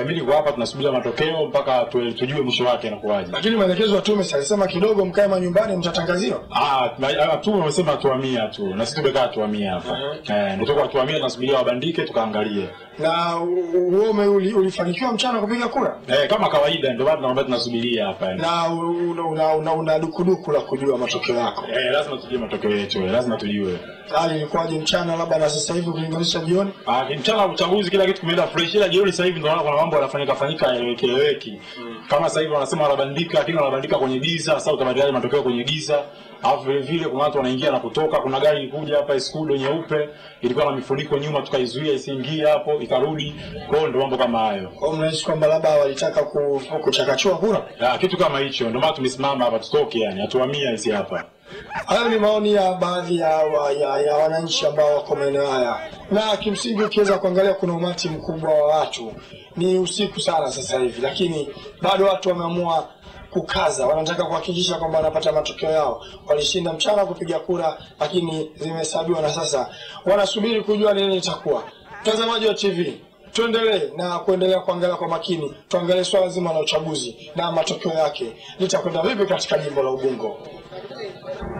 eh, mimi niko hapa tunasubiri matokeo mpaka tujue mwisho wake inakuwaje. Lakini maelekezo ya tume salisema kidogo mkae manyumbani mtatangaziwa. Ah, ah, tume wamesema tuhamia tu na sisi tumekaa tuhamia hapa. Eh, ndio tukao tuhamia tunasubiria wabandike tukaangalie. Na wewe uli, ulifanikiwa mchana kupiga kura? Eh, kama kawaida ndio bado naomba tunasubiria hapa. Na una, una, una, una dukuduku la kujua matokeo yako. Eh, lazima tujue matokeo yetu, eh, lazima tujue. Hali ilikuwaje mchana labda na sasa hivi kulinganisha jioni? Ah, mchana uchaguzi kila kitu kimeenda fresh ila jioni sasa hivi ndio naona kuna mambo yanafanyika fanyika yaeleweki mm. kama sasa hivi wanasema wanabandika lakini wanabandika kwenye giza sasa utabadilisha matokeo kwenye giza alafu vile vile kuna watu wanaingia na kutoka kuna gari ilikuja hapa skudo nyeupe ilikuwa na mifuniko nyuma tukaizuia isiingie hapo ikarudi kwao ndio mambo kama hayo kwa hiyo mnaishi kwamba labda walitaka ku, kuchakachua kura ah, kitu kama hicho ndio maana tumesimama hapa tutoke yani hatuhamia hizi hapa Hayo ni maoni ya baadhi ya, ya, ya, ya wananchi ambao wako maeneo haya, na kimsingi ukiweza kuangalia kuna umati mkubwa wa watu. Ni usiku sana sasa hivi, lakini bado watu wameamua kukaza, wanataka kuhakikisha kwamba wanapata matokeo yao. Walishinda mchana kupiga kura, lakini zimehesabiwa na sasa wanasubiri kujua nini itakuwa. Mtazamaji wa TV, tuendelee na kuendelea kuangalia kwa makini, tuangalie swala zima la uchaguzi na matokeo yake, litakwenda vipi katika jimbo la Ubungo. Thank you.